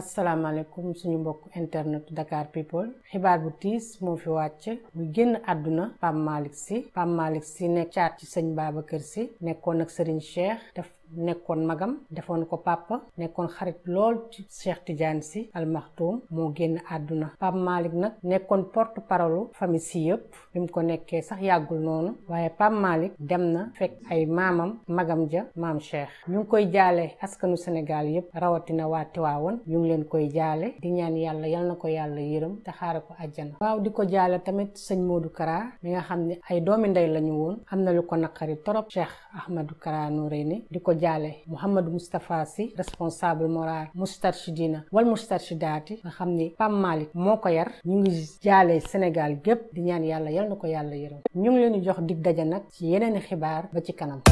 asalaamaaleykum suñu mbokk internet Dakar People xibaar bu tiis moo fi wàcc mu génn àdduna Pape Malick Sy Pape Malick Sy nekk caat ci sëñ Babacar Sy nekkoon ak Serigne Cheikh def nekkoon magam defoon ko papa nekkoon xarit lool ci Cheikh Tidiane Sy Al moo génn àdduna Pape nag nekkoon porte parole famille si yëpp bi ko nekkee sax yàggul noonu waaye Pape dem na fekk ay maamam magam ja maam Cheikh ñu koy jaalee askanu Sénégal yëpp rawatina waa Tiwaawoon ngi leen koy jaale di ñaan yàlla yal na ko yàlla yërëm te xaare ko àjjana waaw di ko jaale tamit sëñ Modou Kara mi nga xam ne ay doomi ndey lañu woon am na lu ko naqari torop Cheikh Ahmadou Kara Noreyni di ko jaale Mouhamadou Moustapha Sy responsable moral Moustarchidina wal Moustarchidaati nga xam ni Pape moo ko yar ñu ngi jaale Sénégal gépp di ñaan yàlla yal na ko yàlla yërëm ñu ngi leen di jox dig daja nag ci yeneeni xibaar ba ci kanam